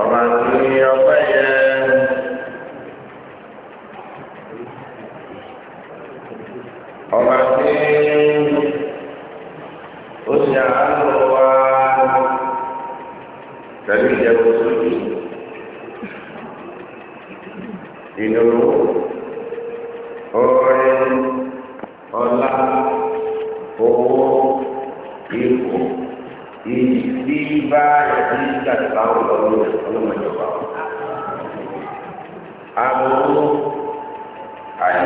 ọba tó ní ọpẹ́ yẹn. ọba tí ó ṣe àánú wa pẹ̀lú ìjẹun sójú ìnáwó ọrẹ ọlá owó ipò ìdí báyìí ní nígbà tó bá wọ lọ́wọ́ rẹ̀ ọlọ́mọdé wa. Àbúrò àyè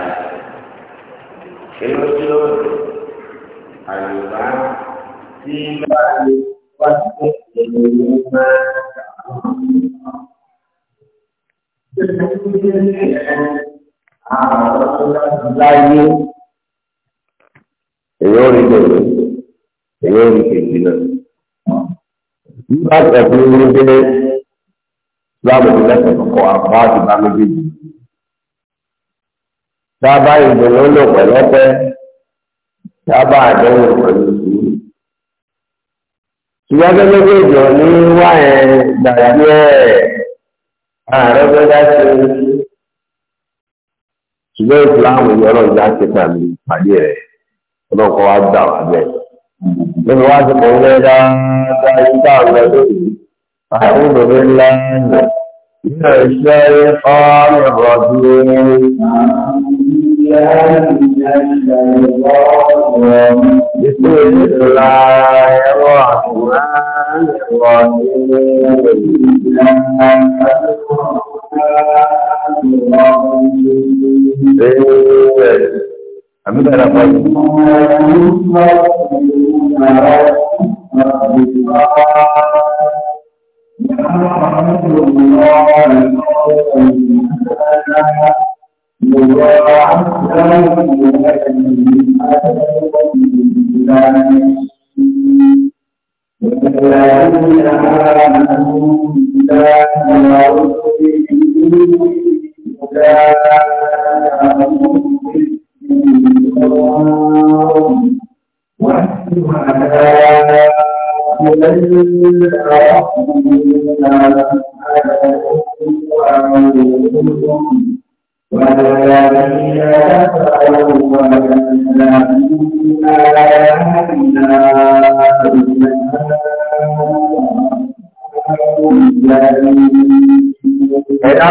ìlọ́jọ́ àyùbá tí bá lè wá sí ìlú máa láyé èyí rí lòlù èyí rí kejì náà nígbà tẹ̀sí ní jẹ́ láàbò tó lẹ́sẹ̀ kọ̀kọ́ àbá àti bá méjèèjì. dábàá ìdùnnú lò pẹ̀lú ọpẹ́ dábàá àdéhùn pẹ̀lú sùúrù. ṣùgbọ́n tó méjèèjì ò ní wá ẹ̀ gbàgbé ẹ̀ ààrẹ tó dá sí i. ṣùgbọ́n ìsìláàmù yọrọ̀ ìjà ti pàdé rẹ̀ ọlọ́kọ̀ wa dà wá bẹ́ẹ̀. من واجب وليلا فإنسان لديه أعوذ بالله من الشيطان الرجيم بسم الله الرحمن الرحيم àbí dára báyìí. Thank you. Ẹ̀dá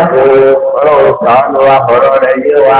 kò ọlọ́run sàánú wa ọ̀rọ̀ rẹ̀ yé wa.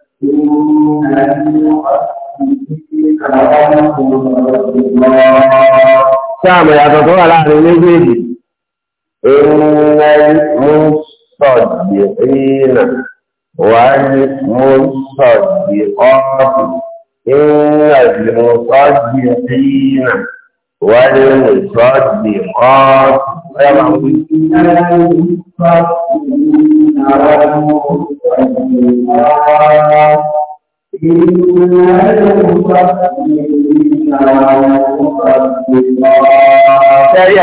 Sáàmù yàtọ̀ tó wà láàrin méjèèjì, ìrìnlẹ̀ mọ́sọ̀dì rínà wà ní mọ́sọ̀dì ọ́pù, ìrìnlẹ̀ mọ́sọ̀dì rínà wà ní mọ́sọ̀dì ọ́pù. Sẹ́rí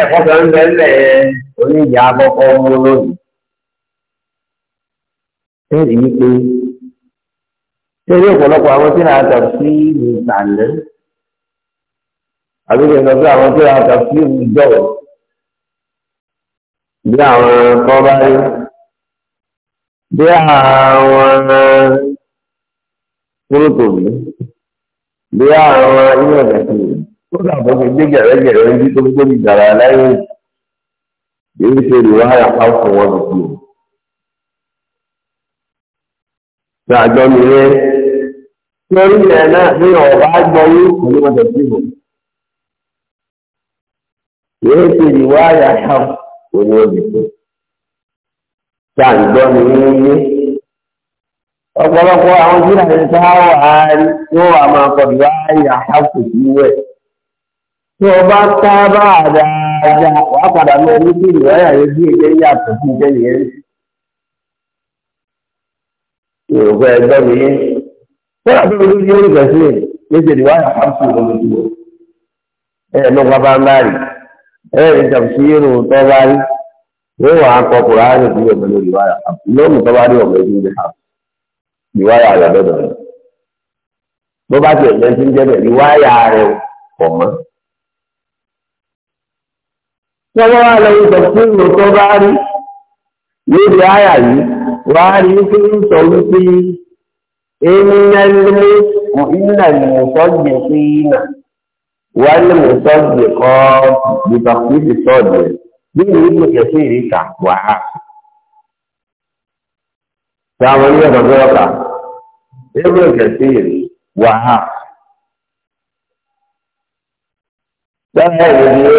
ẹ̀kọ́ kan ń bẹ ńlẹ̀ oníjà àkọ́kọ́ ọmọ lónìí. Sẹ́rí wípé sẹ́rí ọ̀pọ̀lọpọ̀ àwọn tí náà tàbí sí ìsàlẹ̀. Àbíkẹ́ sọ pé àwọn tí náà tàbí sí ìjọ̀wọ̀. Bí àwọn kan bá rí. They are kúrò tó mi bí àwọn ilé ọ̀gá tó dàbọ̀ gẹ̀rẹ́gẹ̀rẹ́ tó gbé ṣe lè wọn o. mi rẹ̀ torí ẹ̀ náà ní ọ̀bá gbọ́ yóò ní ọ̀dọ̀ sí ṣe lè gbàgbọ́ ní yíyé ọ̀pọ̀lọpọ̀ àwọn tí láti ta wà á rí tí wọ́n wà máa kọ̀ bá yà á kò sí wẹ̀ tí wọ́n bá tá bá dáadáa wà á padà mọ́ ní kí ìwé àyè bí èdè yàtọ̀ sí ìjẹ́ nìyẹn yorùbá ẹgbẹ́ mi yé wọ́n àti olú yóò rí bẹ̀sí ẹ̀ léṣe ìwà yà á kò lọ́dọ̀ tó ẹ̀ lọ́gbà bá ń bá rí ẹ̀ ẹ̀ ìjàpùsí yóò tọ́ bá rí yóò wà á kọ kùránì sí ọmọ lórí wáyà lóòmù tó bá rí ọmọ ẹbí ní hàn ìwáyà rẹ lọ́dọ̀ rẹ bó bá tiẹ̀ jẹ́ sí ń jẹ́bẹ̀ ìwáyà rẹ pọ̀ mọ́. tí wọ́n wá lọ sọ fún ìlú tó bá rí lórí àyà yìí wá rí sí ń sọ wípé ìnánílé ìnànìmọ̀sọ́gbẹ̀ sí ìnà wálé mọ̀sọ́gbẹ̀ kọ́ ìgbàkúsí sọ́ọ̀dẹ̀ nínú ìlú kẹsí ìríkà wàhá táwọn ilé ẹ̀kọ́ gbọ́dọ̀ kà ìlú kẹsí ìrí wàhá bẹ́ẹ̀ ìdílé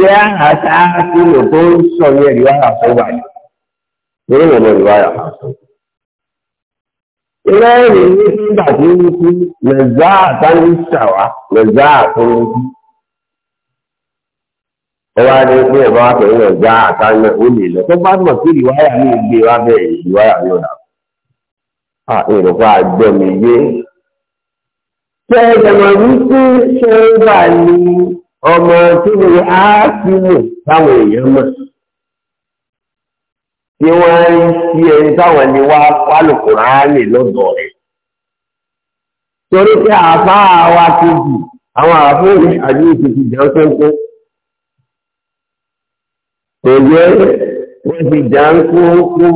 yẹ àṣà àti lòkó sọ ní ẹ̀rí wàhá tó wà ní ìlú ìlú ìlú wàhá tó ilé ìrìn nígbà tí wọ́n ti lè zá àtàlù ṣàwá lè zá àtàlù ṣàwá ẹ wá ní pé ẹ bá wá pẹ̀lú ẹ̀ já àtàlẹ̀ ó lè lọ tó bá mọ̀ sí ìwáyà mi gbé wá bẹ́ẹ̀ ìwáyà mi ò dà. à èrò pa àgbẹ̀ mi yé. ṣé ìjọba mi sí ṣé ń gbà ní ọmọ tí mi á sí mù táwọn èèyàn mọ̀. tí wọ́n ń ṣí ẹni táwọn ẹni wá pálùkù ránì lọ́dọ̀ rẹ̀. torí pé àáfàá wa kejì àwọn àáfàá àdúgbò ti jẹun tó ń kó kò yẹ wọ́n ti jà ń kú kú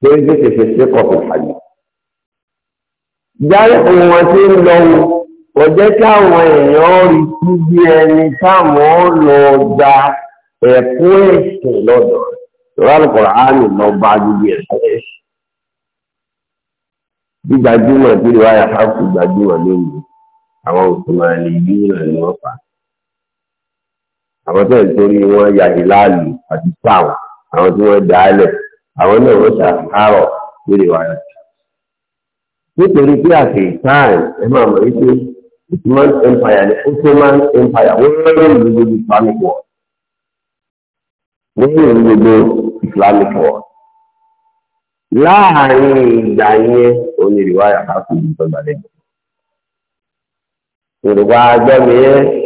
torí bí kìí ṣe ṣe kọ̀ọ̀kan fàyè. Járe ohun wọn tí ń lọ wò kò jẹ́ káwọn èèyàn rí sí bí ẹni táwọn lọ gba ẹ̀kún ẹ̀sìn lọ́dọ̀ ìwádìí àánú lọ bá gbogbo ẹ̀sìn ẹ̀sìn. Gbígbajúmọ̀ tí ìwà yàtọ̀ gbajúmọ̀ lónìí àwọn òṣùmọ̀ àlè yìí náà ni àwọn tó ń torí wọn ya ìlàlù àti sáwọn àwọn tí wọ́n dá lẹ̀ àwọn náà wọ́n ṣàkárọ̀ lórí wa nítorí pé àti ìtàn ẹ máa mọ̀ wípé Ottoman Empire ni Ottoman Empire wọ́n rẹ̀ ní gbogbo Islamic world wọ́n rẹ̀ ní gbogbo Islamic world láàárín ìgbà yẹn onírìwáyà káàkiri ìtọ́gbàlejò Yorùbá gbẹ́mi yẹn.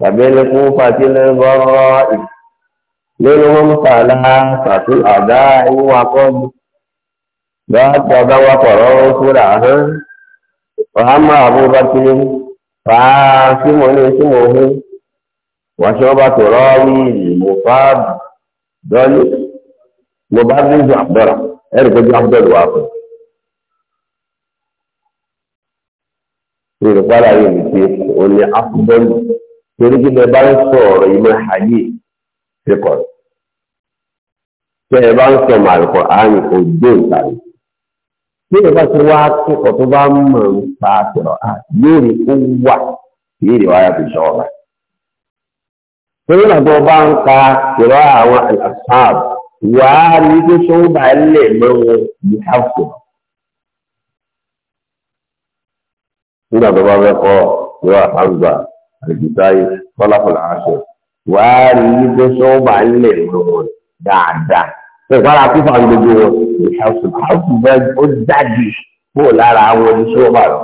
فبالكوفة الغراء منهم ثلاثة الأداء وقد ذاك وقر رسلها وأما أبو بكر فعاصم اسمه وشعبة راوي المصاب دل مبرز عبدالله ارجع عبد الواقع في القرى يمشي واللي أفضل torí kí lẹ bá ń sọ ọ̀rọ̀ ìmọ̀ ayé rẹpọ̀ tẹ ẹ bá ń sọ màlùkọ àárín òjò ìtàrí tí ẹ bá ti wá kẹ́kọ̀ọ́ tó bá ń mọ̀ ń pa àtẹ̀rọ̀ à yóò rí kó wà yóò rí wáyà fi torí náà tó bá ń ka àwọn àṣàb rí sọ́wọ́ bá lè àlùbíbáyé tọ́láfọ̀lá aṣọ wàá rí i pé sọ́ọ̀bà ń lè mú wọn dáadáa pẹ̀lú àkúfà gbogbo wọn ìṣàkóso àkókò bẹ́ẹ̀ ó dájú kó lára àwọn oníṣòwò lọ.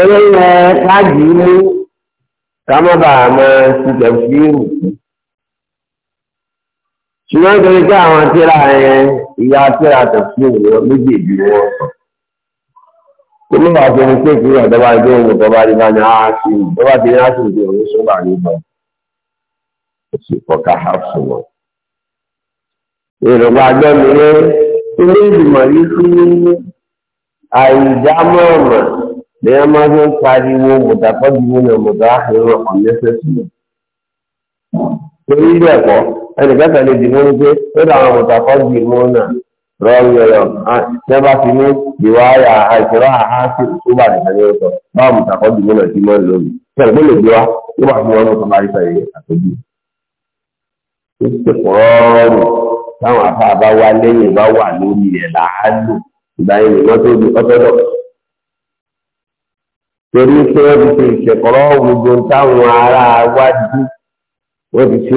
ẹ̀rọ yẹn káàdì ní kámọ́bà àmọ́ ṣìkẹ̀ fíìmù ṣùgbọ́n nítorí pé àwọn tíra yẹn ìyá tíra tẹ̀síìmù méjèèjì ni wọ́n sọ kómi wà fún mi pé ìpínlẹ̀ ìjọba ìjọ òun ìjọba ìjọba ní aásì ìjọba ti ní aásì ìjọba òun sọ́gbà ní lọ oṣù kọ̀ọ̀ká hapsù wọn. èrògbà àjọ mi ní ilé ìgbìmọ̀ yìí fún àìjámọ̀ ọ̀mọ̀ ní wọ́n máa fi ń pariwo mùtàkọ́jú nínú mùtà àhìrò ọ̀nẹ́sẹ̀sì. torí ilé ẹ̀kọ́ ẹnìkẹ́ta lè dì ní pé ó dà àwọn mùtàkọ́jú ìmọ̀ náà rọ́ọ̀rì ọ̀yọ̀ nígbà ah, tí ní ìwáyà àìsíra àhánsì tó ha nìkan ha ọ̀sọ̀ báwo mo tàkọ́ jù mọ́nà tí mọ́nà lónìí ṣẹlẹ̀ gbọ́dọ̀ gbé wa nígbà tí wọ́n mú sọmarí sọ ha àtọ́jú. ó ti pọ̀rọ́ọ̀rù táwọn afá bá wá lẹ́yìn bá wà lórí rẹ̀ làálù ìgbà yẹn ni wọ́n tó di ọ́tọ́dọ̀. torí pé wọ́n ti ṣe ìṣẹ̀kọ́rọ́ gbogbo táwọn ará wájú wọ́n ti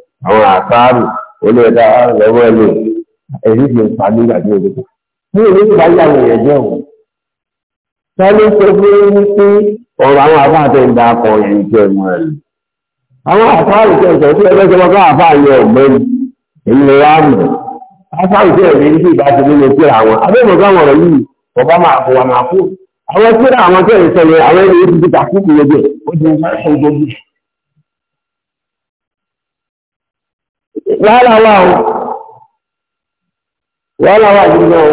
àwọn àkáàrù olóòdà lọ́wọ́ ẹ̀lò ẹ̀rí ti ní ìgbàdí òdòdó. Ní ìlú ìgbà yà òun. Sọ́lé sọ pé ọ̀rọ̀ àwọn da akọ̀ jẹ́ ẹ̀mọ́ ẹ̀. Àwọn àkáàrù tẹ̀ sọ fún ẹgbẹ́ sọmọ káà fà yẹ ọ̀gbẹ́ni. Èyí lè wá Àkáàrù tẹ̀ ní ìgbà ti nínú síra àwọn. wàhálà wà o wàhálà wà nínú o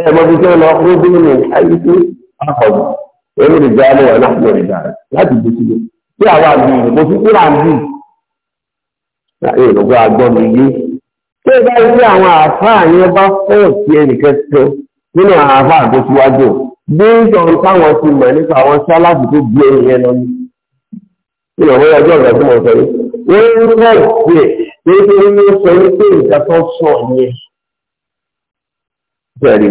ẹ mọ bí tí wọn lọ fún bíi ní àyíkú àkọọbù èmi lè jáde wà láti lọ ìdá rẹ láti gbé sílẹ̀ tí àwa bí mo fi kúrò àǹdí èrògbò àgbọn mi yé tí ó bá rí sí àwọn àáfàá yẹn bá fẹ́ẹ̀ sí ẹnìkan tó nínú àáfàá tó síwájú bí ìtàn táwọn ti mọ̀ nípa àwọn sáláàbù tó gbé ẹ̀yẹn lọ ní ìrọ̀wọ́ ọjọ́ ọ̀gá tí mo sọ yìí wọ́n ń rọ̀ díẹ̀ nítorí wọ́n sọ wípé nǹkan tó sọ yẹn. bẹ́ẹ̀ni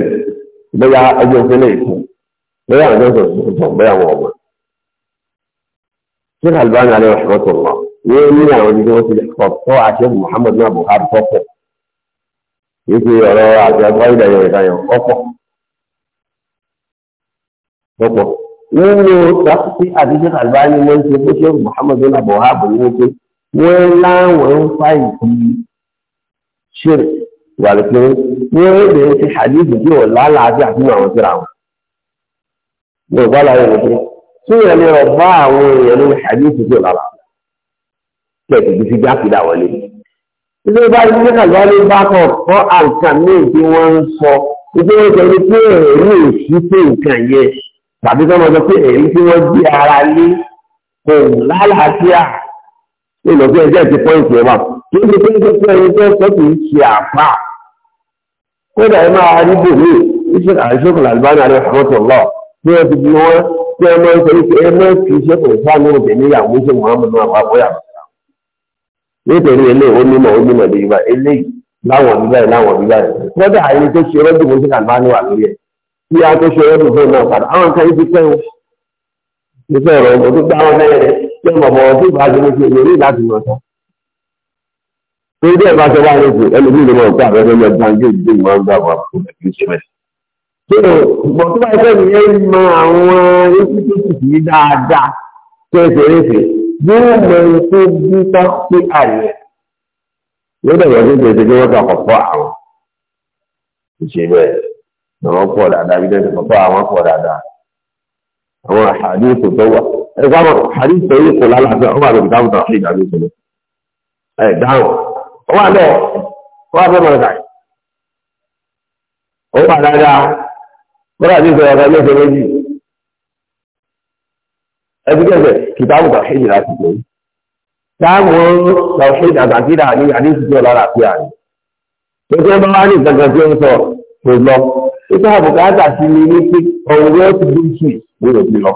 bóyá ẹjọ́ ìpínlẹ̀ èkó bóyá àwọn ọjọ́ ìtàn bóyá àwọn ọmọ. ṣé Albani alẹ́ ọ̀ṣọ́ tó lọ wọ́n ní àwọn ibi tí wọ́n ti lè kọ́ tọ́ àṣẹ Muhammadu náà Buhari tọ́pọ̀ yìí ti ọ̀rọ̀ àti agbáyé ìdáyọ̀ ìdáyọ̀ ọ̀pọ̀ ọ̀pọ̀ nínú tàbí wọ́n láwọn ń fa ìdí ṣírì wà lè pé wọ́n ń bèèrè sí àdéhùn tí wọ́n lálàáfíà fún àwọn síra wọn. Mo bá láyé lè pé tí wọ́n lè bá àwọn èèyàn ní àdéhùn tí wọ́n lálàáfíà. Kẹ̀kẹ́ ti fi jákèjá wọlé. Ilé bá ní ní kàgbá ló bá kàn kọ́ àǹkan ní ìdí wọ́n ń sọ. Ìdí wọ́n sọ pé èrí òsì pé nǹkan yẹ tàbí kọ́ pé èrí tí wọ́n gbé ara lé kò lálàáfíà ní ìlọ́sí ẹjẹ́ ti pọ́ǹtì ẹ̀ wà kí ní pé ṣe pé ẹni tó sọ kì í ṣe àpá kódà ẹ máa rí bòmí iṣẹ́ àìṣòkò làlùbáná rẹ̀ fọ́tò lọ tí wọ́n ti bí wọ́n tí wọ́n máa ń sọ wípé ẹ máa fi iṣẹ́ kò sáà ní òkè níyàwó ṣe Muhammadu àpapọ̀ yàtọ̀ nítorí eléyìí onímọ̀ onímọ̀ lè yíba eléyìí láwọn bíbá yìí láwọn bíbá yìí kódà àyè tó ṣe rẹ́dùn mọ́tò àlùbáná bọ̀bọ̀ tí ìbá ṣe léṣe èyí láti mọ̀ tán. torí bá ṣe wá léṣe ẹlòmíì ló mọ̀ pé àbẹ̀rẹ̀ lọ gbàǹgé ìdí ìmọ̀ gbà wà fún ẹ̀kí ṣe mẹ́. ṣé ìbọn tó bá ṣe ìyẹn mọ àwọn institute yìí dáadáa tó ẹsẹ̀ léṣe yóò mọ ètò bí bá pé àyẹ̀. yóò dẹ̀ wọ́n tó ṣe wọ́n kàn kọ̀ àwọn ìṣe bẹ́ẹ̀ àwọn pọ̀ dáadáa bí ẹgbàmọ̀ àrí ìtọ́rí kò lálàáfíà ọmọ àrùn ìdáhùn náà ṣe ìdàgbé ìṣẹ̀lẹ̀ ẹ̀ dáhùn ọmọ àlẹ́ ọmọ àbẹ́ mọ̀ ẹ̀ka ọmọ àdáda àti ìṣẹ̀lẹ̀ ọ̀gá ilé méjì náà ìṣẹ̀lẹ̀ dáhùn náà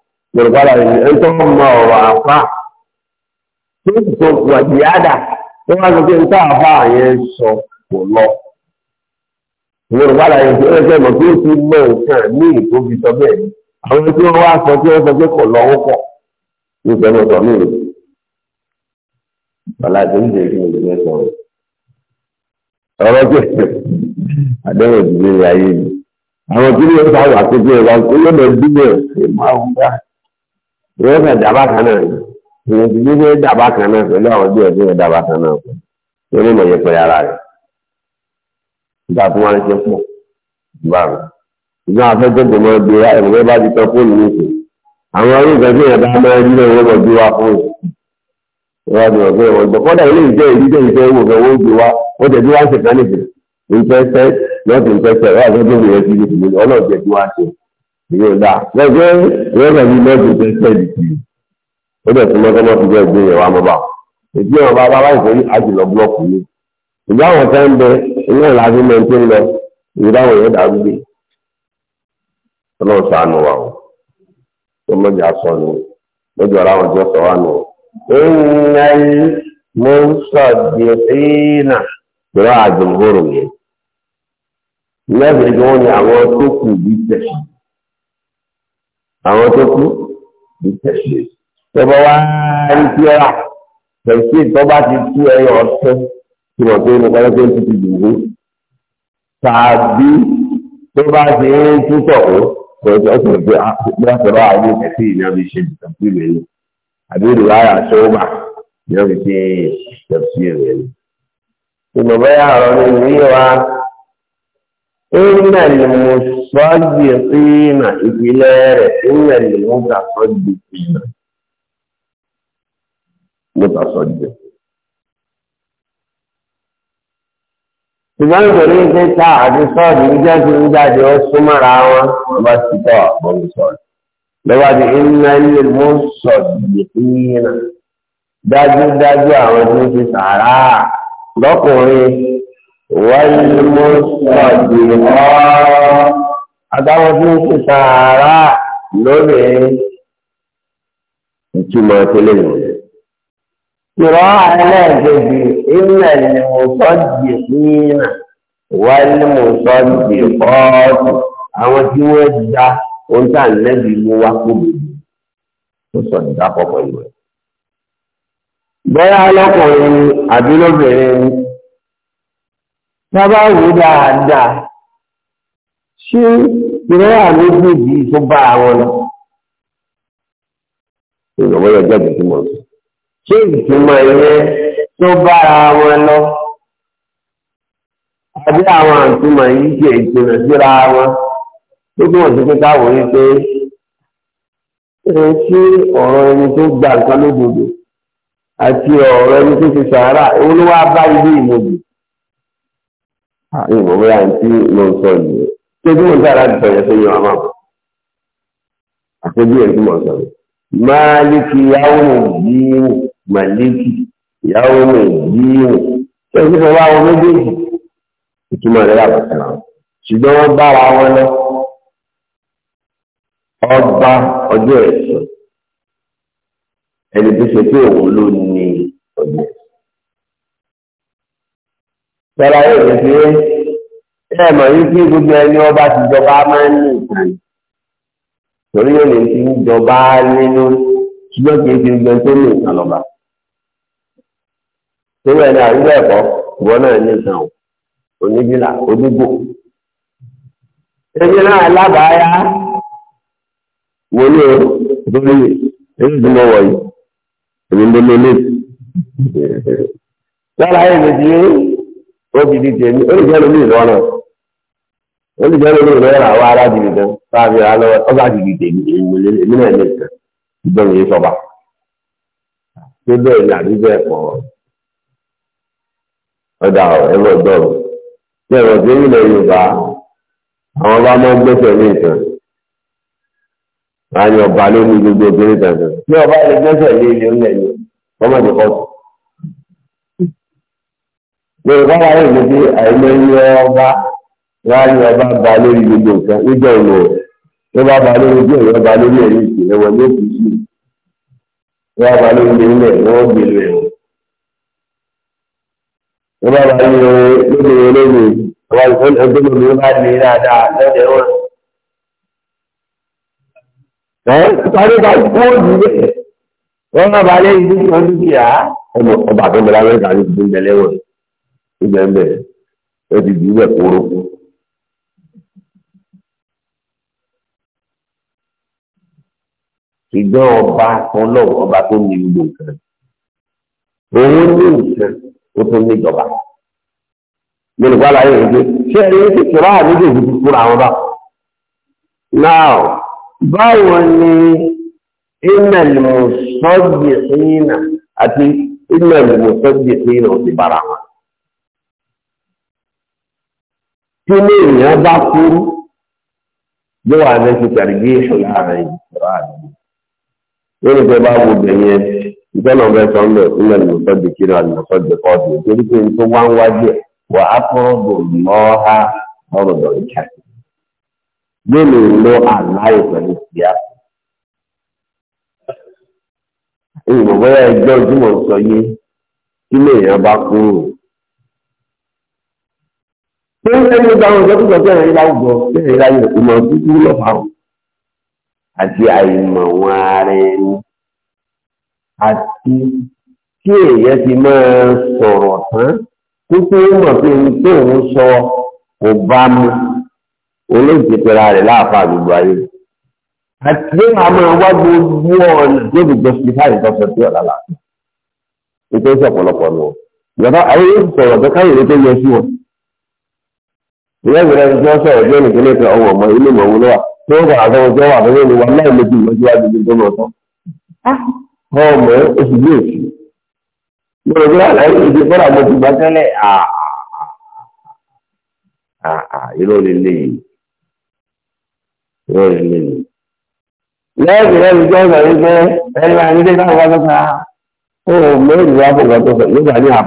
yorùbá la yẹn ń tọ́ mọ ọ̀rọ̀ àfa tó ń sọ wàjíyáda tó wá sọ pé ń tọ́ àfa yẹn sọ kò lọ yorùbá la yẹn tó ń sọ pé ó ti mọ nǹkan ní ìtóbi sọ bẹ́ẹ̀ ni àwọn tí wọ́n wá sọ pé wọ́n sọ pé kò lọ ó pọ̀ ní ìfẹ́ lọ́sọ̀ mí rè bàlá tó ń jẹ kí n lè sọ̀rọ̀ ọ̀rọ̀ tó àdéhùn ìdílé ayé mi àwọn tí wọ́n sọ àwọn àkókò ìwà kó lọ́dọ̀ dúró ẹ̀ máa ń gbà ìwé kan dàbà kan náà ni ìwé ti gbé dàbà kan náà pẹ̀lú àwọn bí ẹ̀dín ẹ̀ dàbà kan náà pẹ̀lú lórí ìmọ̀ yẹpẹrẹ ara rẹ̀ ìgbà tó wọn ṣe pọ̀ ìgbà rẹ̀ ìgbà afẹ́jọ́gbọ̀ máa gbé ẹ̀rọ bá ti tán fóònù nìkan àwọn ọdún kan tí ìyàtọ̀ máa rí náà wọ́n mọ̀ gbé wá fún ìwà ni ọ̀gbẹ́ wọn gbọ́ kọ́dà ilé ìjẹ́ ìlú jẹ́ ìfẹ́ wò fẹ́ wọ́n gbé wá ó jẹ́ bí wá ṣe kan nìkan ìfẹ́ fẹ́ lọ́ọ̀tì ìfẹ́ fẹ́ wà yóò dáa lọ́jọ́ ìrọ́lẹ̀ yìí lọ́dún tó ń pẹ́ di ti ó bẹ̀ fún lọ́kọ́ náà fi jẹ́ ìgbé yẹn wá mọ́ bá ìdí ọ̀rọ̀ bá bábá ìfẹ́ àjùlọ búlọ́ọ̀kù ni ìgbà àwọn tẹ́ ń bẹ iná ìlàjú mẹ́rin tó ń lọ ìgbà àwọn yẹn dàrú dé ọlọ́run sànù wa o tó lọ́jà sọ kù bí tẹ̀sán àwọn tó kú bí tẹ̀sí tọ́ba wá rí sí ọ̀rà tẹ̀sí tọ́ba ti tú ẹyọ ọ̀tún tí wọ́n pé nípa lọ́sẹ̀ tó ti dùn ún tàbí tọ́ba ti ń tútọ̀ ó sọ̀rọ̀ sọ̀rọ̀ pé wọ́n ah, sọ̀rọ̀ àwọn ìfẹ̀sí ìnáwó ṣe tẹ̀sí rẹ̀ ni àbí olùwárà sọ́ọ́bà ìnáwó ṣe tẹ̀sí rẹ̀ ni. ìmọ̀ bẹ́ẹ̀ àrọ̀ ni ìwé wa. iná ni mo sọ di ìpínà ìpínlẹ̀ mo ṣùgbọ́n nítorí pé ta àti sọ́ọ̀dì ń jẹ́ ń jáde ó súnmọ́ra wọn ọba ti tọ́ àbọ̀mí sọ̀rọ̀ lọ́wọ́ di iná ni mo sọ di dájúdájú àwọn tí ń ṣe sàárà lọ́kùnrin. والمصدقات أدعو فيك سارة لوني ìtumọ̀ ìpínlẹ̀ yìí. Ìrọ̀ aláìjẹ̀bi ilẹ̀ ni mo sọ di ìhìnà wá ní mo sọ di ọ́ọ̀tù àwọn tí wọ́n da ohun tá mú wá kúrò tó sọ ìdápọ̀ pẹ̀lú ẹ̀. Bẹ́ẹ̀ alákùnrin Tá bá wò dáadáa, ṣé ìrẹ́wà méjèèjì tó bá àwọn lọ? Ìrọ̀wọ́ yẹn jẹ́ ìtumọ̀. Ṣé ìtumọ̀ ìyẹn tó bá àwọn lọ? Àbí àwọn àtúmọ̀ yìí ṣe ìtumọ̀ síra wọn? Tó túmọ̀ sí pé káwọ̀ yìí pé ṣé ọ̀rọ̀ ẹni tó gba nǹkan lódodo àti ọ̀rọ̀ ẹni tó ti sàárà, òun ló wá bá ilé ìmọ̀dù ìmọ̀ bóyá ní tí mo ń sọ yìí ṣé tí mo ń sára ti sọ̀yẹ̀ sóyún wa máa àpéjú ẹ̀ tí mo ń sọ yìí máàlìkì ìyàwó yíwò màlìkì ìyàwó yíwò ṣé tí mo bá wọn méjèèjì ìtumọ̀ rẹ̀ yàtọ̀ síra ṣùgbọ́n wọ́n bára wọn lọ ọba ọjọ́ ẹ̀sìn ẹni tó ṣe pé òun ló ní ọjọ́ ẹ̀sìn. Tọ́lá yóò lè fi ẹ mọ̀ wípé gbogbo ẹni ọba ti jọba máa ń ní ìtàn. Torí yóò lè fi ń jọba nínú ṣùgbọ́n kì í fi gbẹ tó ní ìtàn lọ́ba. Torí ẹni àrùn ẹ̀kọ́ ìwọ náà ní ìtàn o, oníbìlà, onígbò. Ebi náà lábàáyá wo ní o, lórí èyí tí mo wọ̀ yìí, èmi ló lé lé. Tọ́lá yóò lè fi obi di tèmi ó lè jẹ́ lómi ìlọ́rùn ó lè jẹ́ lómi ìlọ́rùn àwọn aráàlú gan sáàbì rà ọba na tèmi èyí èmi náà lè tẹ̀ ìgbọ́n yìí sọba tó bẹ́ẹ̀ ni àbí bẹ́ẹ̀ pọ̀ ẹ̀rọ tí ẹ̀rọ tí ó Yorùbá àwọn ọba máa ń gbẹ́sẹ̀ ní ìtàn láàyè ọba ló ní gbogbo obìnrin tí ọba lè gbẹ́sẹ̀ ní ilé ńlẹ̀ yorùbá wa yóò lè fi àìlẹ́yẹ ọba wọ́n á ní ọba ba lórí gbogbo nǹkan níjọ ìlú rẹ̀ wọ́n bá ba lórí bí ọ̀yọ́ ba lórí ẹ̀yìn ìpìlẹ̀ wọn ní òkú sí wọ́n bá lórí ilẹ̀ wọ́n gbèrú ẹ̀ wọ́n bá ba lórí lórí olómi àwọn ìfọ́n ẹgbẹ́ lómi wọ́n bá ní dáadáa lọ́dẹ̀ wọn. ẹ̀ sáré bá kú òjì bẹ́ẹ̀ wọ́n bá ba lórí dúkìá ọba tó ń bẹ lábẹ́rẹ́ kàrí ìdúgbẹ̀lẹ́wọ̀n ibẹ̀ ń bẹ̀ ẹ ti jù ú bẹ̀ kóró. ṣùgbọ́n ọba kan lọ́wọ́ ọba tó ní gbogbo nǹkan òun ní nǹkan ó tún ní ìjọba yorùbá láyé rẹ ṣe ẹni tí kìlá àdúgbò yìí ti kúra wọn bá. now báwo ni inal musọ́jì sínú àti inal musọ́jì sínú ti bára wọn. tí ilé èèyàn bá kúrú yóò wà ní fìtàrí bí ìṣòro àárín ìṣòro àárín lórí pé bá wo bẹ̀yẹ ìtọ́nà ọ̀bẹ sọ ń bẹ̀ sílẹ̀ ní ìtọ́jú kiri àti ìtọ́jú kọ́ọ̀tù nítorí pé tó wá ń wájú ẹ̀ wà á tọrọ bò lọ́ha lọ́rọ̀ lọ́rọ̀ ìjà yóò lè lo àláyé pẹ̀lú ìyá. ìmọ̀ bóyá ẹjọ́ tí sọ yé tí ilé èèyàn bá kúrò pé ẹni gba àwọn ìjọba tó ẹ̀rìn láwùjọ bẹ́ẹ̀ láyé ìmọ̀ títí lọ́fà ọ̀ àti àìmọ̀ wọn ara ẹni àti kí èèyàn ti máa sọ̀rọ̀ tán tó tó mọ̀ pé ohun tó ń sọ kò bá mu olóògbé pẹ̀lá rẹ̀ láàfà gbogbo ayé àti pé a máa wá gbogbo ọ̀nà tó fi justify ìtọ́sọ tí ọ̀la là nítorí ọ̀pọ̀lọpọ̀ lọ ìjọba àwọn yóò sọ̀rọ̀ tó káyọ̀ ló tó yẹ sí wọn ìyá ìgbìlẹ̀ ti tọ́ sọ̀rọ̀ bí ẹnìkan lè fẹ́ ọmọ ọmọ ilé ìmọ̀ wúlò wà tí wọ́n kàrà sọ́wọ́ sọ́wọ́ àbẹ́rẹ́ ni wọn láì lójú ìmọ̀ síwájú ní tó lọ tán. Ah. ọmọ oṣù bí èsì mo rò pé àlàyé ìdí fọ́nà mo ti gbà tẹ́lẹ̀ ah, ah, irọ́ lélẹ̀ yìí irọ́ lélẹ̀ yìí. lẹ́yìn ìrẹ́ mi jẹ́ ìgbàlódé pé ẹni máa ní dẹ́gbà wá lọ́ta ó mẹ́rin wá fún ọ̀gá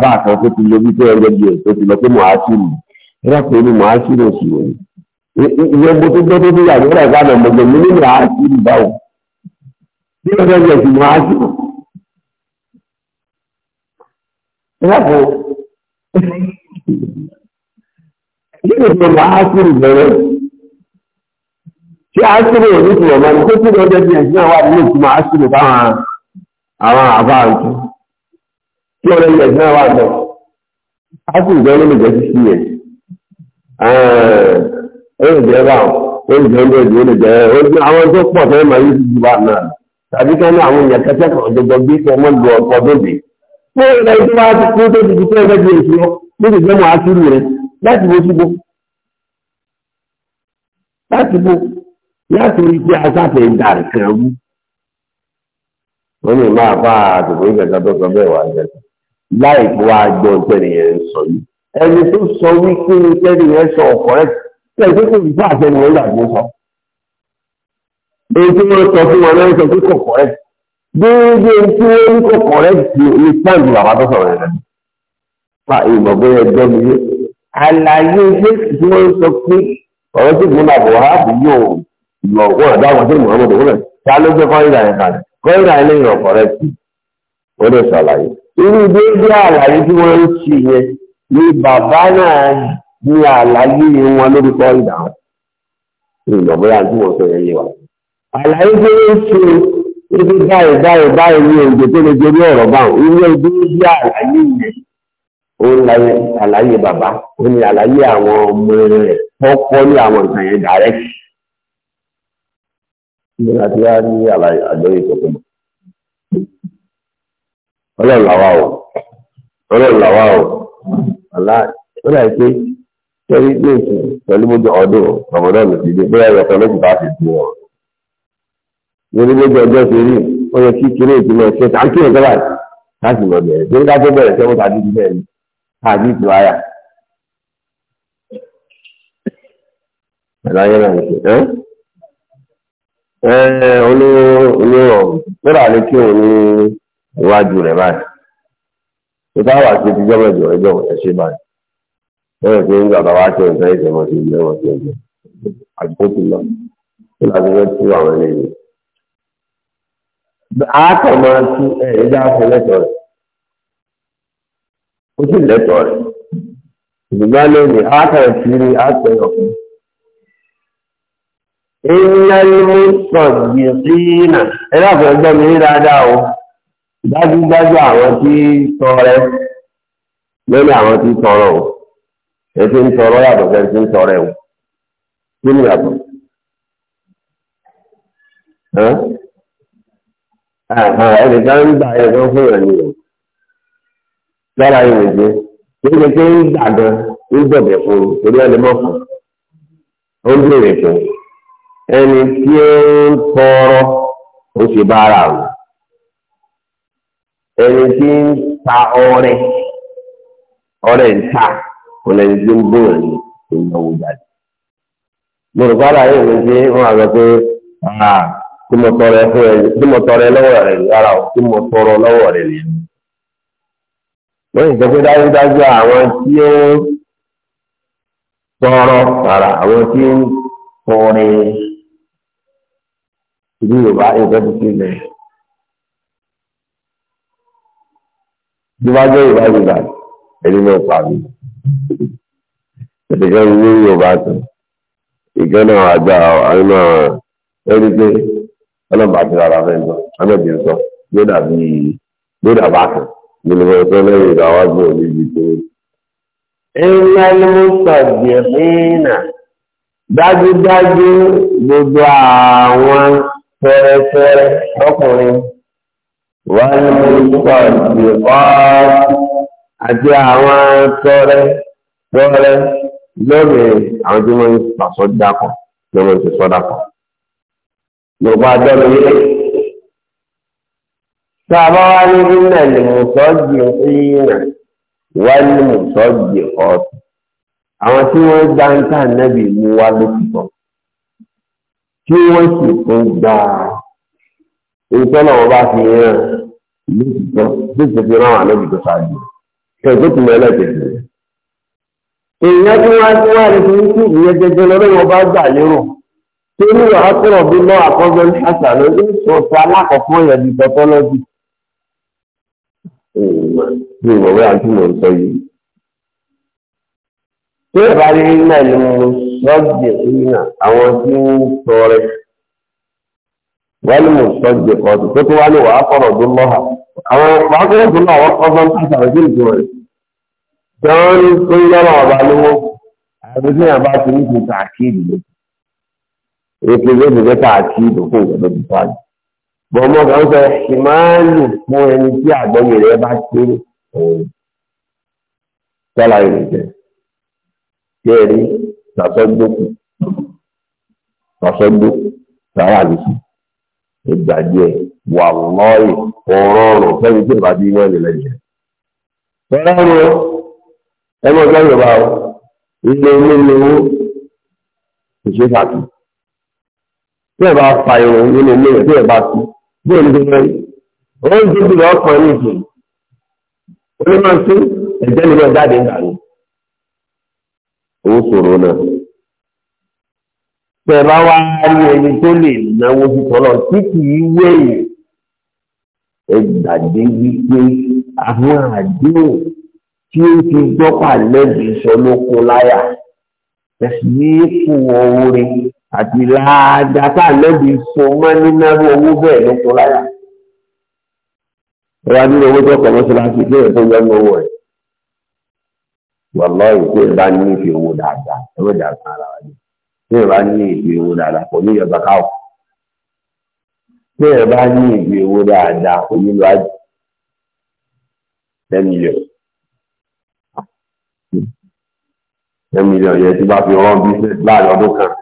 tó sọ rọ́pò ní màá ṣírò sí wọn. ìyẹn mo tó gbọ́ tó tó yàgò rẹ̀ gbàdọ̀ mọ̀gbọ̀n mi nínú àásìrì báwo. bí wọ́n fẹ́ yẹ̀ sí màá ṣírò. rọ́pò nínú ìfẹ́ màá ṣírò bẹ̀rẹ̀. ṣé àásìrò ò ní ti wọ̀ mọ́ni tó kúrò ọjọ́ bíi ẹ̀sìn àwọn àdúgbò tí màá ṣírò fáwọn àwọn àbá àjù. kí ọ̀rẹ́ yẹ̀ sí àwọn àjọ. àásìrò bẹ̀rẹ̀ ló lè jẹ́ sí sí yẹn. oúnjẹ bá oúnjẹ oúnjẹ ìlú oúnjẹ oúnjẹ àwọn tó pọ̀ fẹ́ máa yí ju bá náà tàbí ká ní àwọn èèyàn kẹsẹ̀ kan jọjọ gbé kí ọmọ lu ọkọ lóde fún ilẹ̀ tó bá ti tó ti di di èsì lọ mọ́ àṣírí rẹ láti láti láti rí pé ìdá kan wú. wọ́n ní àtòkò bẹ́ẹ̀ jẹ́ ẹni tó sọ wípé tẹ́lẹ̀ yẹn sọ ọ̀kọ́rẹ́ tẹ́lẹ̀ tó kò bá àtẹnu wọn gbàgbé sọ. èyí tí wọ́n sọ fún wọn lọ́wọ́ sọ pé kọ̀kọ́rẹ́ déédéé tí wọ́n ní kọ̀kọ́rẹ́ ju ní pàǹdù bàbá tó sọ̀rọ̀ rẹ̀ fa ìmọ̀ bóyá ẹgbẹ́ mi yé àlàyé ilé tí wọ́n sọ pé ọ̀rọ̀ tí ìgbìmọ̀ àbọ̀ wá bí yóò lọ wọ́n ọ̀dọ́ àwọn tí ìmọ̀ ń ni bàbá náà ní àlàyé wọn lórúkọ ìdáhùn ní ìgbàgbọ́yà tí wọ́n sọ yẹn yé wa. àlàyé tó ń ṣe ibi báyìí báyìí báyìí ní èdè tó lè jẹrí ọ̀rọ̀ báwọn ilé ibi bí àlàyé yẹn ó ń láyé àlàyé bàbá ó ní àlàyé àwọn ọmọ rẹ̀ tọ́kọ́ ní àwọn nǹkan yẹn dàrẹ́kì. ní àti wá ní àlàyé àjọyé ìṣòkò mọ́. ọlọ́run làwa o ọlọ́run làwa o. àlá ó dà pé kẹ́rí lẹ́sìn pẹ̀lú bójú ọdún Ramadan ti dé bóyá ìyọ̀kan méjì bá ti dùn wọn. Yorùbá bójú ọjọ́ ti rí ó yẹ kí kéré ìpínlẹ̀ kí láti lọ bẹ̀rẹ̀ tó bẹ̀rẹ̀ wọ́n tàbí ìtò ara. Ẹ̀la yẹn náà ṣe ẹ́ ẹ́ olóró olóró lọ́dà kí òun ní iwájú rẹ̀ báyìí. ìta wà sí ti jọ́mọ̀ ìjọ ẹjọ́ ẹ̀ṣẹ́ báyìí lọ́wọ́ pé ń gbàgbà wá ṣe nǹkan ìṣẹ̀mọ̀ sí ilé wọn sí ẹjọ́ àdúgbò ti lọ kí láti fẹ́ tú àwọn eléyìí. àákọ̀ máa tú ẹ̀ ẹ̀dá fún lẹ́tọ̀ọ́ rẹ̀ ó sì lẹ́tọ̀ọ́ rẹ̀ ìdùgbà lónìí àákọ̀ ti rí àpẹ ọ̀fun. ìnáyìí sọ̀gbìn sí náà ẹ̀dá fún ẹgbẹ́ mi rí dáadáa o dájúdájú àwọn tí tọrẹ lórí àwọn tí tọrọ o ètò ń tọrọ yàtọ̀ fẹ́ tí ń tọrẹ o kí ni yàtọ̀ ẹnì kan ń gbà ẹnì kan fún ìrìn o lára ìrìn jẹ kí ni kí ń gbà gan ń bẹ̀bẹ̀ fún un torí ẹni mọ̀ fún un ó ń bèrè fún un ẹni tí ó ń tọrọ ó ṣe bá ara rẹ̀. ẹni tí ń ta ọrẹ ọrẹ ń ta kò lẹni tí ń bóyàn ní tó náwó jáde. mo rò pàdé ayé mi pé wọn àgbẹ̀ pé tí mo ẹ lọ́wọ́ rẹ̀ rárá o tí mo tọrọ lọ́wọ́ rẹ̀ rẹ̀. bí wàá jẹ́ yorùbá yorùbá ẹni náà pa mí ẹ̀dẹ̀kẹ́ mi ní yorùbá tán ìgbẹ́ náà àgbà àwọn náà ẹni pé ọlọ́mọba ti rárá fẹ́ lọ ọlọ́mọdé sọ yóò dàbí yóò dàbá kan nínú ẹgbẹ́ lẹ́yìn ìdáwọ́ àgbọ̀n níbi tó. ìrìnà ni mo sọ̀gbìn nínà dájúdájú gbogbo àwọn fẹ́rẹ́fẹ́rẹ́ ọkùnrin wáyé púpọ̀ sí ọ́ọ́sì àti àwọn tọrẹ tọrẹ lórí àwọn tí wọ́n ń pàṣọ dákọ̀ tí wọ́n ń ṣe sọ́dá kan. Yorùbá dọ́nu yé. Tá a bá wá ní nínà ní mùsọ́jì ìyínà wá ní mùsọ́jì ọ̀tún. Àwọn tí wọ́n gbá ń tà nábì mú wá lókùtọ̀. Tí wọ́n sì tún gbà ìtọ́nà wọn bá fi hàn ìlú ìtọ́ bí ìtọ́jú náà wà lóbi tó ṣáájú kẹ̀kẹ́ tó mẹ́lẹ̀ kẹ̀kẹ́. èèyàn tí wọ́n ti wá lóṣù ní kí ìyẹn jẹjẹ lọ́dọ̀ wọn bá gbà lérò tó ní ọ̀rọ̀ tọ̀rọ̀ bí náà àkọ́jọ́ ní àṣà ní sọ̀tọ̀ alákọ̀ọ́kọ́ yẹn di tọ́tọ́lọ́jì. bí ìwọ̀ wẹ́ àti mò ń sọ yìí. tó ìbáraẹni náà ni mo sọ́ọ̀dì wọ́n mú sọ́jẹ̀ ọ̀dù tó tó wá ní wàá kọ̀rọ̀ ọdún lọ́hà àwọn pàákọ́rọ̀ tó náà wọ́n kọ́sán tàṣà rẹ̀ sílùú tó rẹ̀ tí wọ́n ní tó ń yọ́nà ọ̀bà lówó àti tí yàrá ti ní kí káàkiri ló èké lóbi jẹ́ káàkiri ló fún ìgbàdo tó fà jù bọ́n mọ́ kàn sọ ìmáàlù fún ẹni tí àgbọ̀nyẹ̀ rẹ̀ bá ṣe sọ́la ìrìnjẹ́ kẹ́ẹ̀rí tàṣọ́gbókù tàṣọ́gbó tàwa àdìsí nígbà díẹ̀ wà lọ́ọ̀yì ọ̀rọ̀rùn fẹ́mi tí ìbá bí wọ́n nílẹ̀ jẹ́. ọ̀rọ̀rùn ẹgbẹ́ ọjọ́ yorùbá o ilé onílówó kò ṣe pàtó. bí ẹ bá fa irun nínú ilé rẹ̀ bí ẹ bá tú bí ẹ ń dúró ó ń dúró lọ ọkàn ní ìdè onímọ̀ sí ẹ̀jẹ̀ nílẹ̀ jáde ń dànù. òun sọ̀rọ̀ náà tẹ bá wá rí ẹni tó lè náwó títọ́ lọ tí kì í wéyìn ẹgbàdé wípé àwọn àdéhùn tí ó ti gbọ́pà lẹ́bi sọ ló kó láyà tẹ̀síkù oore àti ládàtà lẹ́bi sọ mọ́ nínáró owó bẹ́ẹ̀ ló kó láyà. ẹ̀rọ adúlọ̀ owó tó kọ̀ mọ́ṣáláṣí kí ẹ̀ tó yọ ní owó ẹ̀ wọ́n lọ́ọ̀ ìpè bá ní fi owó dáadáa ẹ̀rọ ìdàgbà ara wa ni tí ẹ bá ní ìgbé owó dáadáa kò ní yọ bàkà ò tí ẹ bá ní ìgbé owó dáadáa kò ní lọ àjò ten million ten million yẹn tí bá fi rán business láàrin ọdún kan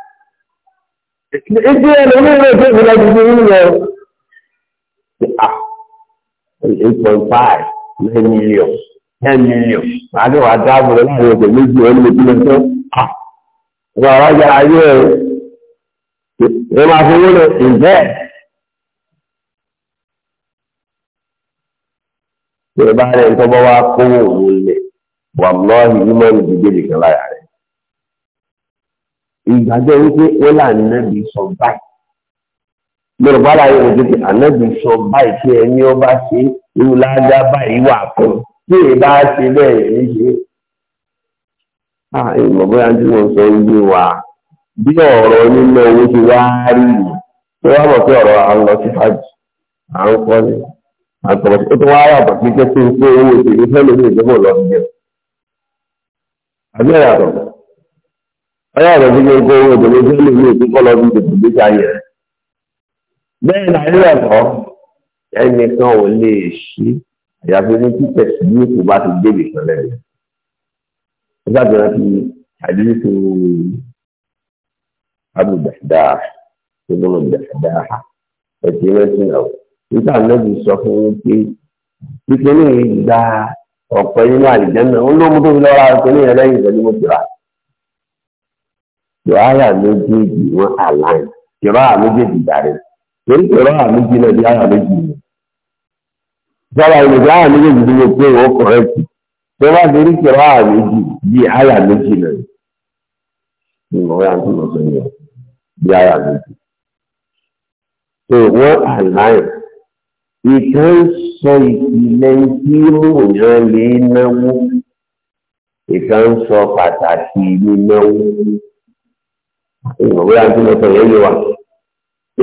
ìdí ẹni onírúurú ètò ìpínlẹ̀ ti fi ń lọ ah, eight point five nine million ten million àti wàá dáàbò lọ́wọ́ ìgbẹ́ méjì ọ̀hún ló sọ́ọ́ wọ́n àwọn ajá ayé ẹ̀rọ wọ́n máa fi wọ́n lọ ìbẹ́ tí ó bá rẹ̀ ń tọ́gbọ́ wá kówó òun lẹ̀ wà lọ́ọ̀hì mímọ́ ní ìdílé nìkan láyà rẹ̀ ìgbàgbọ́ wípé ó là nẹ́bi sọ báyìí lọ́rọ̀ bá láyé òjò pé ànẹ́bi sọ báyìí tí ẹni ọba ṣe irú ládá báyìí wà kan tí èèbá ṣe bẹ́ẹ̀ ní ṣe ìmọ̀ bóyá tí mo sọ ilé wa bí ọ̀rọ̀ nínú owó ti wá rí ni tó wá mọ̀ pé ọ̀rọ̀ à ń lọ sí fàájì à ń kọ́ ni àtọ̀rọ̀ tó tó wá wà bọ̀ pé pé pé owó ìṣèlú fẹ́ lórí ìjọba lọ sí jẹun. àbí ẹ̀rọ àtọ̀ ọ̀rọ̀ àtọ̀ sí pé pé owó ìṣèlú fẹ́ lórí ìjọba lọ sí jẹun lórí ayé rẹ̀. bẹ́ẹ̀ nàìjíríà kọ́ ẹnìkan ò lè ṣí àyàfi ní títẹ̀ sí ní kò bá ti débì kan lẹ́yìn nígbàgbọ́ fi àdínkù abùdàdà ìbùnú dàdà ẹ̀sìn mẹ́sìn náà nígbà mẹ́bí sọ fún mi pé ìpínlẹ̀ yìí gba ọ̀pọ̀ nínú àlìjẹ́nà ó ló mú tó fi lọ́ra ìpínlẹ̀ yẹn lẹ́yìn pẹ̀lú mo tìrà. Jọ̀hárà méjèèjì wọn àlàyé jọ̀hárà méjèèjì dàrí torí jọ̀hárà méjì náà di àyà méjì. Jọ̀hárà méjèèjì ni mo pé wọ́n kọ̀rẹ́tì tó bá dorí kẹrọ àméjì bí àyà méjì lẹ ìmọ̀ ọ̀rọ̀ àti ìmọ̀ sọ̀rọ̀ bí àyà méjì tó wọ́n àlàyé ìkan sọ ìpìlẹ̀ tí mòyàn lè náwó ìkan sọ pàtàkì nínáwó ìmọ̀ ọ̀rọ̀ àti ìmọ̀ yẹn wà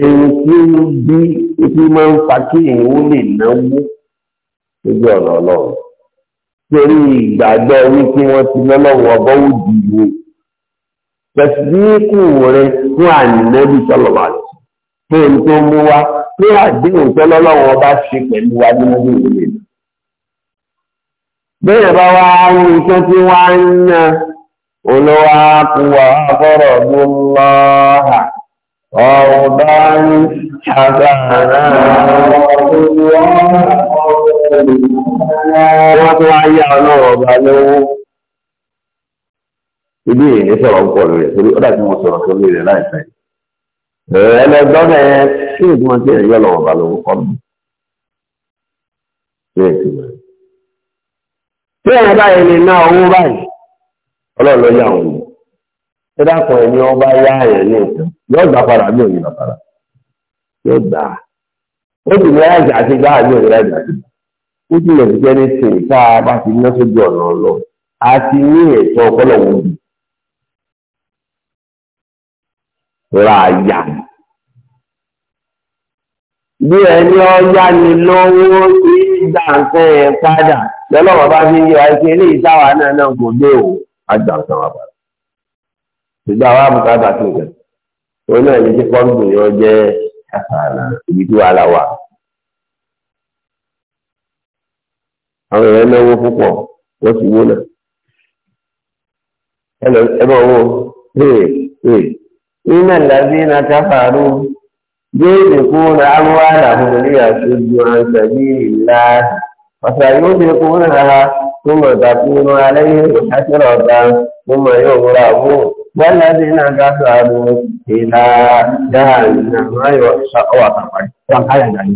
èyí tí bí ibi máa ń fa kí èèyàn lè náwó lójú ọ̀nà ọlọ́run torí ìgbàgbọ́ wípé wọ́n ti lọ́lọ́wọ́ ọbọ̀wò dìbò tẹ̀síkù rẹ fún ànínẹ́bí sọlọ́wọ́ àti pé n tó mú wá pé àdéhùn tó lọ́lọ́wọ́ bá ṣe pẹ̀lú wa ní ọdún ìwé rẹ̀. bẹ́ẹ̀ bá wá ní iṣẹ́ tí wọ́n á ń yan olówó àkùwà àkọ́rọ̀ tó ń lọ hà ọ̀rọ̀ ń ṣàgbà náà. wọ́n tó wá yá ọlọ́rọ̀ ọba lọ́wọ́ ibi ìrìn sọ̀rọ̀ ń pọ̀ lórí ẹ̀ torí ọ̀dà tí wọ́n sọ̀rọ̀ tó rẹ̀ láìpẹ́ ẹlẹgbọ́n ṣé ìdí wọn tí èèyàn lọ́wọ́ ọba lọ́wọ́ kọ́ mi ṣé báyìí ná owó báyìí ọlọ́run ló yá ṣé dákọ̀ ọba yá ní ìtàn yóò gbà padà ó jìnà sí jẹ́ nísìn tá a bá ti ná sójú ọ̀nà lọ a ti ní ẹ̀tọ́ ọpọlọ́wọ́ bì ra àyà bí ẹni ọyá ni lọ́wọ́ tí ìgbà nǹkan ẹ̀ padà lọ́lọ́wọ́ bá fi ń yẹ àìsí eléyìí táwa náà náà kò dé o àgbà nǹkan wa padà ìgbà wa bùkátà tó nǹkan òun náà ní kí kọ́ńtù yọ jẹ́ àṣà ibi tí wàá là wà. àwọn èèyàn náwó púpọ̀ wọ́n sì wó náà. ẹ bọ̀ wò ee ee iná làbí na káfàárù yóò lè na ní àṣojú àǹtàbí ìlà pàṣẹ yóò na tó mọ̀ tàkùn náà lẹ́yìn ìdásílẹ̀ ọ̀tá tó mọ̀ yóò wúra bò wọ́n na káfàárù ìlà ṣàkọ́wà kàkàrí. Wọ́n káyà dání.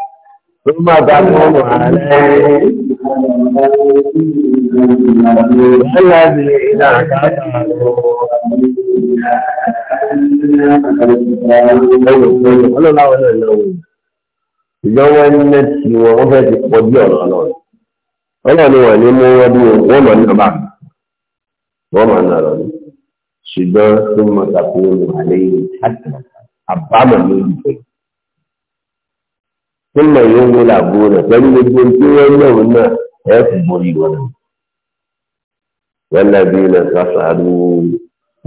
ثم دمر عليه الذين كفروا ìjọwọ́ ilé tí wọ́n fẹ́ ti pọ̀ bí ọ̀nà lọ́rọ̀ ọlọ́ni wà ní mú wọ́n bí wọ́n mọ̀ ní ọba wọ́n mọ̀ náà lọ́rọ̀ ṣùgbọ́n tó mọ̀ tàkùn ní àlẹ́ àbámọ̀ ní ìgbẹ̀yìn nílẹ̀ yóò wó làbó rẹ̀ pẹ̀lú gbogbo tí wọ́n lọ́wọ́ náà ẹ̀ kò borí wọn. wọ́n lábí ilẹ̀ sàṣàrú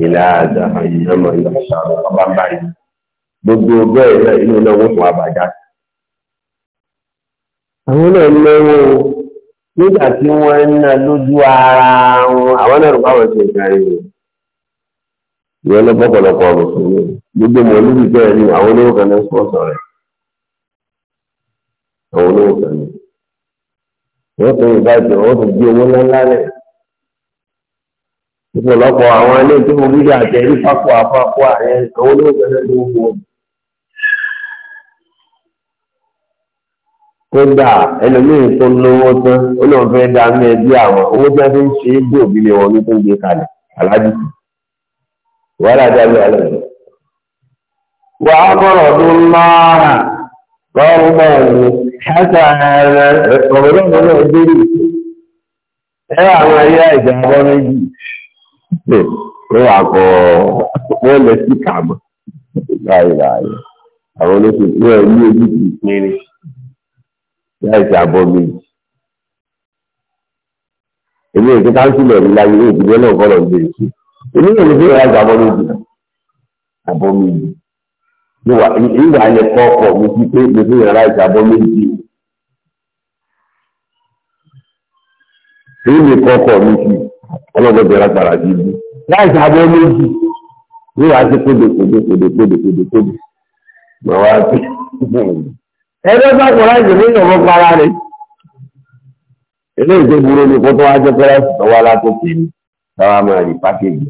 ìlà àjà àyìnàmọ̀ ilẹ̀ sàṣàrú ọba báyìí gbogbo bẹ́ẹ̀ náà inú náà wọ́n fún abàjá. àwọn náà lọ́wọ́ nígbà tí wọ́n ń ná lójú ara wọn àwọn náà rúbá wọn ṣe ìdarí wọn. ìyẹn ló ọ̀rọ̀ sọ̀rọ̀ gbogbo mọ̀lúbí àwọn olóòtú ni yóò tó ìbájọ ó sì gbé owó ńláńlá rẹ̀ ìpọ̀lọpọ̀ àwọn ilé tí mo gbígbà jẹ rí pápọ̀ àpapọ̀ àyẹn àwọn olóòtú náà ló ń kódà ẹlòmíín tó lówó tán ó lóun fẹ́ dá ẹbí àwọn owó tí wọ́n fi ń ṣe é bí òbí wọ́n ní tó ń gbé kalẹ̀ Ṣáàtà ọ̀rọ̀ náà náà dérì. Ẹ àwọn ayé àìjà abọ́ méjì. Ó wà kọ́ wọ́n lọ sí kàmọ́. Láìláì. Àwọn olóṣèlú náà ní ojú kìí pínrín. Láìjà abọ́ méjì. Èmi ò káńsílẹ̀ mi láyé ní ìdílé náà kọ́ lọ Èmi ò méjì. méjì. kọ́ mi ti pé èyí mi kọ́kọ́ mi sí ọlọ́gbọ́dẹ lágbára jí bí láì sábẹ́ méjì ní wàá sí kódò kódò kódò kódò kódò kódò mà wá sí. ẹgbẹ́ bá kọ́ láì sèlé ìyọ̀bọ̀ para rẹ̀ eléyìí tó burú ni kótó wá jẹ́ pẹ́rẹ́ sọ̀wọ́ alátó kiri táwa máa rí pákéjì.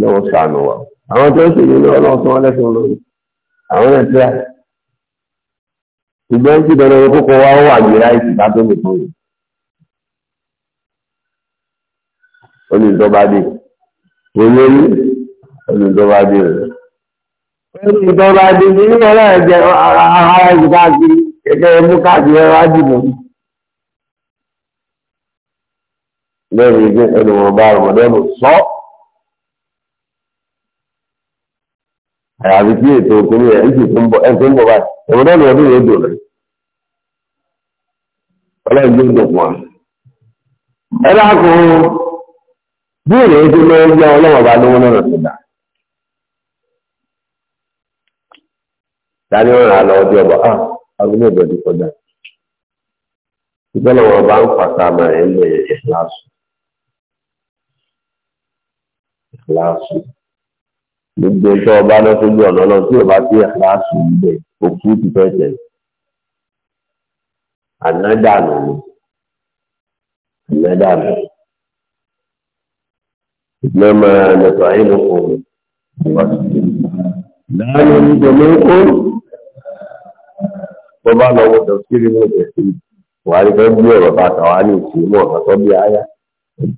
lọ́wọ́ sànù wa àwọn tó ń ṣèlú lọ́wọ́ lọ́wọ́ sọ́wọ́ àwọn ẹ̀ ṣùgbọ́n ń ṣìdọ́rọ̀ owó kókó wa wà ní láìsí bá tó nìkan yìí. olùdọ́badé olórí olùdọ́badé rẹ̀. olùdọ́badé ní ìwọlé ẹ̀jẹ̀ ara ìgbà kiri kẹ̀kẹ́ ẹ̀mú káàkiri ẹ̀rọ ájìmọ̀. lẹ́yìn ìgbésẹ̀ ni wọ́n bá rọ̀mọ́dọ́nù sọ́ọ́. àyàfi kí ètò òkúrú ẹ̀ ń sì tún bọ̀ ẹ̀ tó ń bọ̀ báyìí ìmọ̀dọ́nù ọdún yóò dùn rẹ̀ ọlọ́run yóò dùn wọn. ẹ dákun bí ènìyàn ti lọ ń yá ọlọ́wọ́ bá lówó lọ́nà tó dà. dání ọ̀ràn àlọ́ ọdún ọba ah agbóná ìbọ̀dí kọjá. ìgbọ́n lọ́wọ́ bá ń pàtà àmà ẹ̀ ń lọ ìkíláàsì. ìkíláàsì gbogbo tó ọba lọ́sọ́jú ọ̀lọ́lọ́ tí ọba tí ìkíláàsì ibẹ̀ òkú ti fẹ́ tẹ̀. ànádànù ni ànádànù. ìgbẹ́ máa lọ́tọ̀ ayé ló kọ́ ọ́. láàánú ní ìjọba ń kó. tó bá lọ wọ́n tọ́sí rí mọ́ ìjẹ̀sí buhari fẹ́ gbé ọ̀rọ̀ bàtà wà ní ìṣèlú ọ̀nà tó bí aya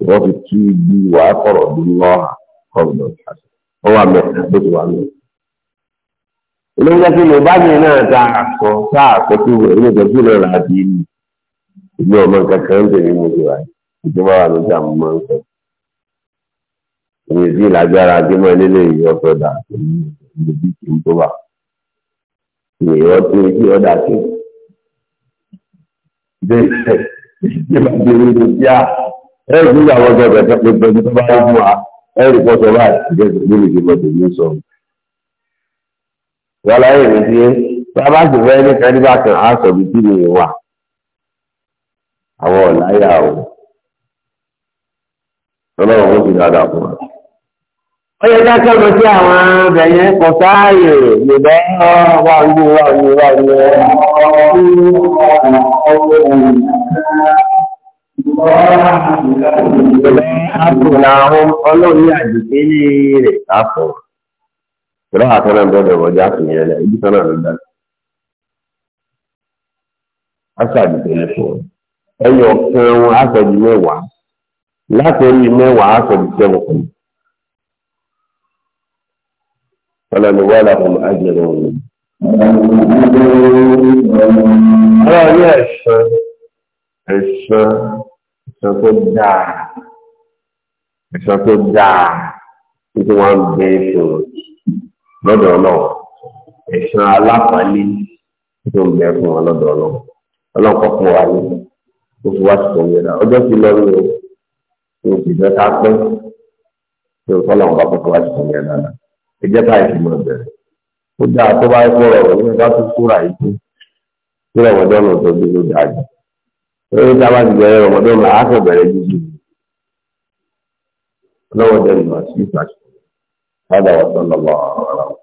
wọ́n fi kí ibi wàá kọ̀rọ̀ dúró lọ́hà kọ́ńdọ̀ àti ó wà mẹ àbí ti wà mẹ. olóyún tí yorùbá mi náà ta àkọ tá àkọ tó wọ ilé ìtọ́jú náà là á di ìlú ìlú ọmọ kankan ń tẹ̀lé mi jù wáyé ìjọba wà lójà mo máa ń sọ. èyí sí ìlàgbára adémọ nílé ìyọ ọ̀tọ̀dà ìlú bí kì í tó wà. ìyẹn ọtí ojú ọ̀dà tó. bẹ́ẹ̀ ṣe ìdílé máa ń bẹ̀rù ní bíà ẹ̀rù ìyàwó ọjọ́ ìgbà tó pé pẹ̀lú tó bá wù wá. ẹ̀rí pọ̀tọ̀ báyìí jẹ́ ìgbélé ti pọ̀tọ̀ ní sọ. wọ́n láyé mi sí bàbá sì fẹ́ ní kẹ́líbà na á sọ na kí ni wà àwọn ọ̀láyà o ọlọ́run ó sì dáadáa fún wa. ó yẹ ká kẹ́lọ́ sí àwọn bẹ̀yẹn kò sáàyè lùbẹ́ wà ní wà ní wà ní na ọlọ́run ní àjèké ní rẹ̀ káfọ̀. Ìrọ̀ àtọ́nà bọ́dọ̀ na fún yẹn lẹ, ibi tọ́nà ló dájú. Aṣáájú tó fún ọ. Ẹyọ kan wọn aṣọ́jú mẹ́wàá. Látòrí mẹ́wàá aṣọ́jú sẹ́wọ̀n kan. Ọlọ́run wà láfún àjẹrò òun. Ọlọ́run ní ẹ̀sán ẹ̀sán. sọ tó dáa ìsọ tó dáa títí wọn gbé ìṣòro lọ́dọ̀ Ọlọ́run ẹ̀san alápàálí tó ń bẹ fún wọn lọ́dọ̀ Ọlọ́run Ọlọ́run kọ fún wa ní ó fi wá sùn yẹn náà ọjọ́ ti lọ rí o ní ìjọ tá a pẹ tó Ọlọ́run bá kọ́kọ́ wá sùn yẹn náà ìjẹ káyọ ti mọ bẹ̀rẹ̀ ó dáa tó bá kọ ọ̀rọ̀ nígbà tó kúrà yìí tó kúrà wọn tó dúró dáa jù lórí tá a bá ti bẹ̀rẹ̀ ọmọdé ńlá á fẹ́ bẹ̀rẹ̀ jíjù lọ́wọ́ dẹ́nu àti ìfàṣẹ. هذا وصلى الله على